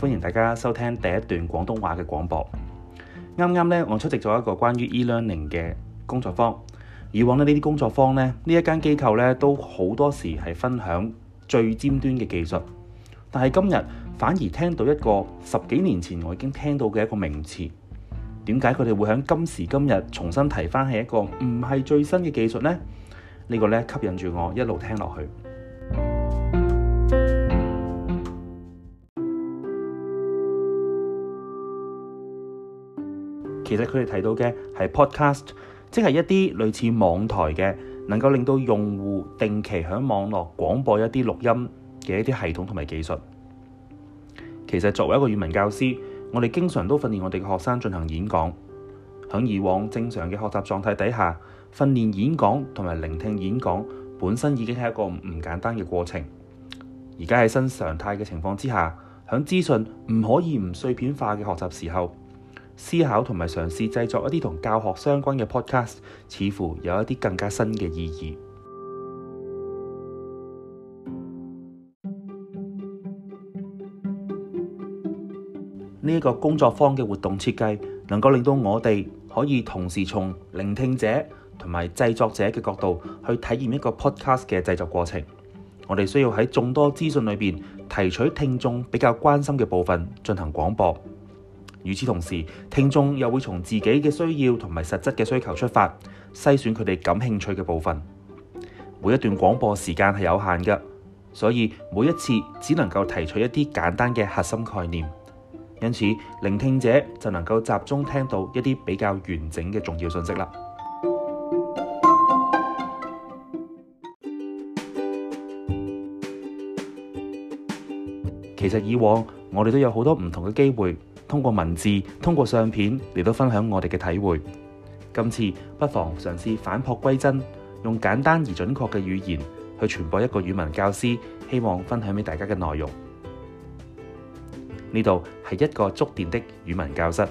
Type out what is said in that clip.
歡迎大家收聽第一段廣東話嘅廣播。啱啱咧，我出席咗一個關於 e-learning 嘅工作坊。以往咧，呢啲工作坊呢，呢一間機構咧，都好多時係分享最尖端嘅技術。但係今日反而聽到一個十幾年前我已經聽到嘅一個名詞。點解佢哋會喺今時今日重新提翻起一個唔係最新嘅技術呢？這個、呢個咧，吸引住我一路聽落去。其實佢哋提到嘅係 podcast，即係一啲類似網台嘅，能夠令到用戶定期喺網絡廣播一啲錄音嘅一啲系統同埋技術。其實作為一個語文教師，我哋經常都訓練我哋嘅學生進行演講。響以往正常嘅學習狀態底下，訓練演講同埋聆聽演講本身已經係一個唔簡單嘅過程。而家喺新常態嘅情況之下，響資訊唔可以唔碎片化嘅學習時候。思考同埋嘗試製作一啲同教學相關嘅 podcast，似乎有一啲更加新嘅意義。呢一個工作坊嘅活動設計，能夠令到我哋可以同時從聆聽者同埋製作者嘅角度去體驗一個 podcast 嘅製作過程。我哋需要喺眾多資訊裏邊提取聽眾比較關心嘅部分，進行廣播。與此同時，聽眾又會從自己嘅需要同埋實質嘅需求出發，篩選佢哋感興趣嘅部分。每一段廣播時間係有限嘅，所以每一次只能夠提取一啲簡單嘅核心概念。因此，聆聽者就能夠集中聽到一啲比較完整嘅重要信息啦。其實以往我哋都有好多唔同嘅機會。通過文字、通過相片嚟到分享我哋嘅體會。今次不妨嘗試返璞歸真，用簡單而準確嘅語言去傳播一個語文教師希望分享俾大家嘅內容。呢度係一個觸電的語文教室。